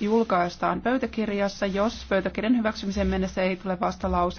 julkaistaan pöytäkirjassa, jos pöytäkirjan hyväksymiseen mennessä ei tule vastalauseita.